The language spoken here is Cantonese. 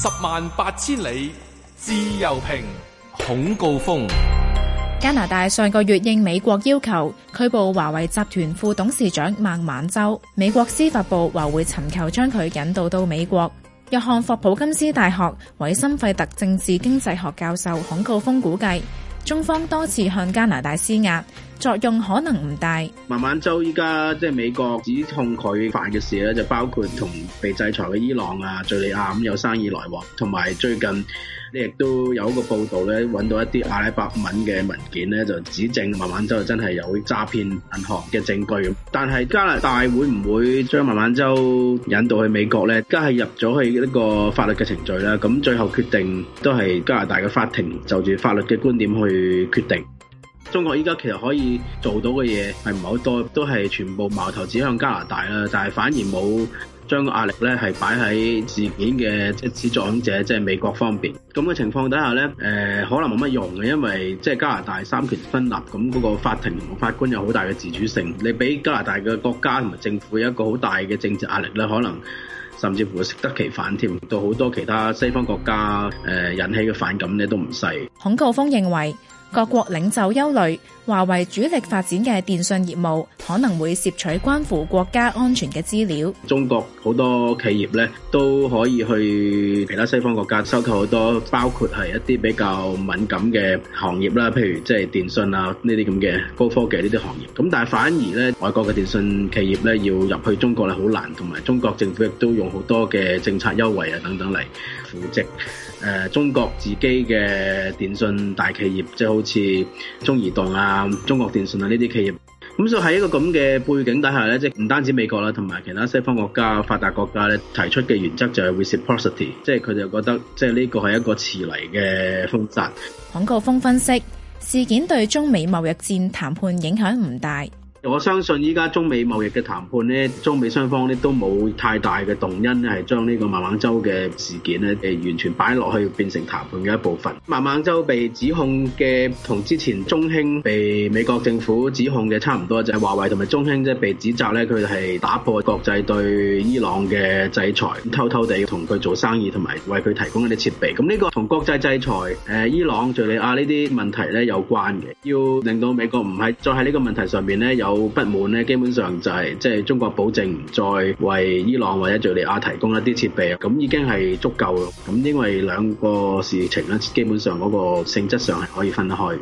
十萬八千里，自由評，孔誥烽。加拿大上個月應美國要求拘捕華為集團副董事長孟晚舟，美國司法部話會尋求將佢引渡到美國。約翰霍普金斯大學偉森費特政治經濟學教授孔誥烽估計，中方多次向加拿大施壓。作用可能唔大。孟晚舟依家即係美國指控佢犯嘅事咧，就包括同被制裁嘅伊朗啊、敘利亞咁有生意來往，同埋最近你亦都有個報道咧，搵到一啲阿拉伯文嘅文件咧，就指證孟晚舟真係有詐騙銀行嘅證據。但係加拿大會唔會將孟晚舟引渡去美國咧？而家係入咗去一個法律嘅程序啦。咁最後決定都係加拿大嘅法庭就住法律嘅觀點去決定。中國依家其實可以做到嘅嘢係唔係好多，都係全部矛頭指向加拿大啦。但係反而冇將個壓力咧係擺喺事件嘅即係始作俑者即係、就是、美國方面。咁嘅情況底下咧，誒、呃、可能冇乜用嘅，因為即係加拿大三權分立，咁嗰個法庭同法官有好大嘅自主性。你俾加拿大嘅國家同埋政府一個好大嘅政治壓力咧，可能甚至乎適得其反添，到好多其他西方國家誒、呃、引起嘅反感咧都唔細。孔誥烽認為。各國領袖憂慮華為主力發展嘅電信業務。可能會攝取關乎國家安全嘅資料。中國好多企業咧都可以去其他西方國家收購好多，包括係一啲比較敏感嘅行業啦，譬如即係電信啊呢啲咁嘅高科技呢啲行業。咁但係反而咧，外國嘅電信企業咧要入去中國咧好難，同埋中國政府亦都用好多嘅政策優惠啊等等嚟扶植。誒、呃，中國自己嘅電信大企業，即係好似中移動啊、中國電信啊呢啲企業。咁就喺一個咁嘅背景底下咧，即係唔單止美國啦，同埋其他西方國家、發達國家咧提出嘅原則就係 reciprocity，即係佢就覺得即係呢個係一個遲嚟嘅複雜。孔誥烽分析事件對中美貿易戰談判影響唔大。我相信依家中美貿易嘅談判咧，中美雙方咧都冇太大嘅動因咧，係將呢個孟晚舟嘅事件咧，誒、呃、完全擺落去變成談判嘅一部分。孟晚舟被指控嘅同之前中興被美國政府指控嘅差唔多，就係華為同埋中興即係被指責咧，佢係打破國際對伊朗嘅制裁，偷偷哋同佢做生意，同埋為佢提供一啲設備。咁呢個同國際制裁誒、呃、伊朗、敘利亞呢啲問題咧有關嘅，要令到美國唔係再喺呢個問題上面咧有。有不滿咧，基本上就係即係中國保證唔再為伊朗或者敘利亞提供一啲設備啊，咁已經係足夠咯，咁因為兩個事情咧，基本上嗰個性質上係可以分得開嘅。